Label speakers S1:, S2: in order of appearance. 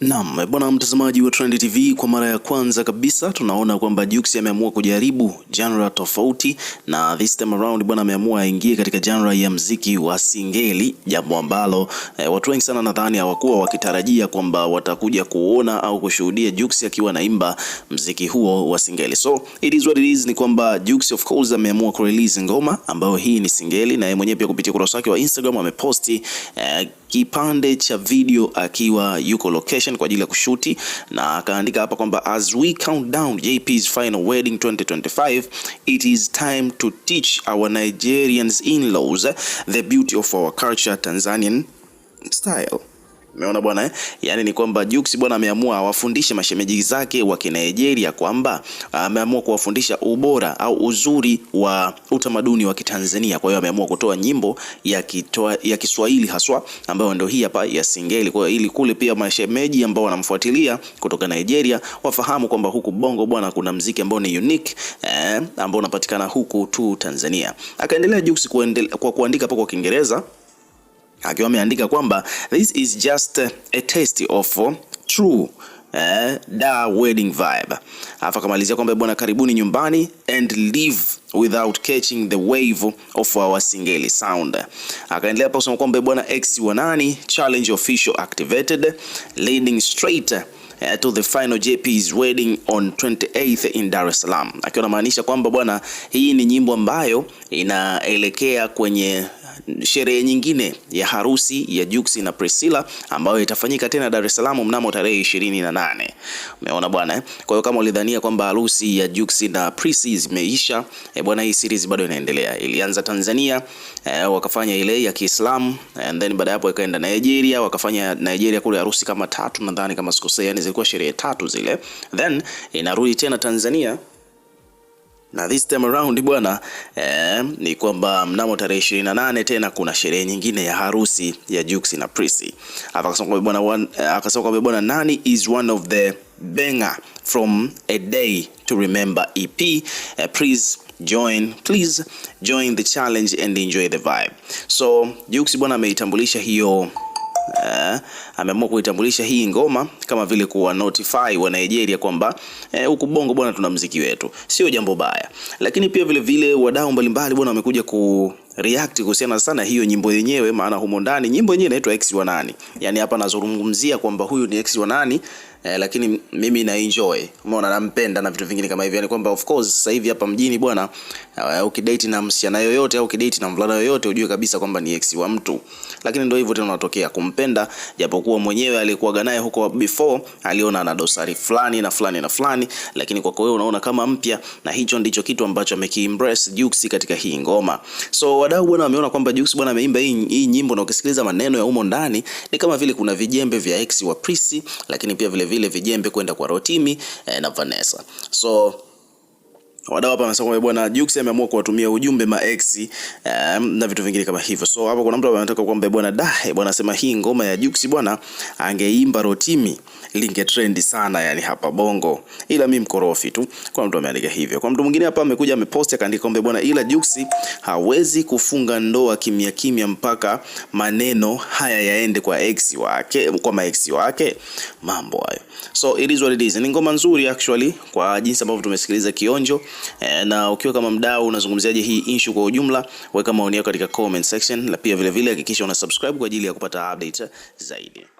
S1: Naam, bwana mtazamaji wa Trend TV, kwa mara ya kwanza kabisa tunaona kwamba Jux ameamua kujaribu genre tofauti, na this time around bwana ameamua aingie katika genre ya mziki wa singeli, jambo ambalo eh, watu wengi sana nadhani hawakuwa wakitarajia kwamba watakuja kuona au kushuhudia Jux akiwa naimba mziki huo wa singeli. So it is what it is, ni kwamba Jux of course ameamua kurelease ngoma ambayo hii ni singeli, na yeye mwenyewe pia kupitia ukurasa wake wa Instagram ameposti eh, kipande cha video akiwa yuko location kwa ajili ya kushuti, na akaandika hapa kwamba as we count down JP's final wedding 2025 it is time to teach our Nigerians in-laws the beauty of our culture Tanzanian style. Umeona bwana eh? Yaani ni kwamba Jux bwana ameamua awafundishe mashemeji zake wa Kinigeria kwamba ah, ameamua kuwafundisha ubora au uzuri wa utamaduni wa Kitanzania. Kwa hiyo ameamua kutoa nyimbo ya, kitoa, ya Kiswahili haswa ambayo ndio hii hapa ya Singeli. Kwa hiyo ili kule pia mashemeji ambao wanamfuatilia kutoka Nigeria wafahamu kwamba huku Bongo bwana kuna mziki ambao ni unique eh, ambao unapatikana huku tu Tanzania. Akaendelea Jux kwa kuandika hapo kwa Kiingereza akiwa ameandika kwamba this is just a test of true eh, da wedding vibe. Alafu akamalizia kwamba bwana, karibuni nyumbani and live without catching the wave of our Singeli sound. Akaendelea hapo kusema kwamba bwana, X wa nani challenge official activated leading straight eh, to the final JP's wedding on 28th in Dar es Salaam, akiwa anamaanisha kwamba bwana, hii ni nyimbo ambayo inaelekea kwenye sherehe nyingine ya harusi ya Jux na Priscilla ambayo itafanyika tena Dar es Salaam mnamo tarehe ishirini na nane. Umeona bwana eh? Kwa hiyo kama ulidhania kwamba harusi ya Jux na Priscilla zimeisha, eh bwana, hii series bado inaendelea. Ilianza Tanzania eh, wakafanya ile ya Kiislamu and then baada hapo ikaenda Nigeria, wakafanya Nigeria kule harusi kama tatu nadhani kama sikosea, yani zilikuwa sherehe tatu zile, then inarudi tena Tanzania na this time around bwana eh, ni kwamba mnamo tarehe 28 tena kuna sherehe nyingine ya harusi ya Jux na Prissy. Hapa akasema kwamba bwana eh, Nani is one of the banger from a day to remember EP. eh, please join please join the challenge and enjoy the vibe. So Jux bwana ameitambulisha hiyo Uh, ameamua kuitambulisha hii ngoma kama vile kuwa notify wa Nigeria kwamba eh, huku uh, Bongo bwana tuna mziki wetu, sio jambo baya. Lakini pia vile vile wadau mbalimbali bwana wamekuja ku react kuhusiana sana hiyo nyimbo yenyewe, maana humo ndani nyimbo yenyewe inaitwa X wa nani. Yani hapa nazungumzia kwamba huyu ni X wa nani eh, lakini mimi na enjoy, umeona, nampenda na vitu vingine kama hivyo, yani kwamba of course sasa hivi hapa mjini bwana, uh, ukidate na msichana yoyote au ukidate na mvulana yoyote ujue kabisa kwamba ni X wa mtu. Lakini ndio hivyo tena, unatokea kumpenda, japokuwa mwenyewe alikuwa naye huko before aliona ana dosari fulani na fulani na fulani, lakini kwako wewe unaona kama mpya, na hicho ndicho kitu ambacho amekiembrace Jux katika hii ngoma so wadau bwana wameona kwamba Jux bwana ameimba hii hii nyimbo, na ukisikiliza maneno ya humo ndani ni kama vile kuna vijembe vya ex wa Prissy, lakini pia vile vile vijembe kwenda kwa Rotimi eh, na Vanessa so Wadau hapa wanasema kwamba bwana Jux ameamua kuwatumia ujumbe ma ex um, na vitu vingine kama hivyo. So hapo kuna mtu anataka kwamba bwana dahe bwana sema hii ngoma ya Jux bwana angeimba Rotimi linge trend sana yani hapa Bongo. Ila mimi mkorofi tu. Kuna mtu ameandika hivyo. Kwa mtu mwingine hapa amekuja amepost akaandika kwamba bwana ila Jux hawezi kufunga ndoa kimya kimya mpaka maneno haya yaende kwa ex wake, kwa ma ex wake. Mambo hayo. So it is what it is. Ni ngoma nzuri actually kwa jinsi ambavyo tumesikiliza kionjo Eh, na ukiwa kama mdau unazungumziaje hii issue kwa ujumla? Weka maoni yako katika comment section, na pia vilevile hakikisha una subscribe kwa ajili ya kupata update zaidi.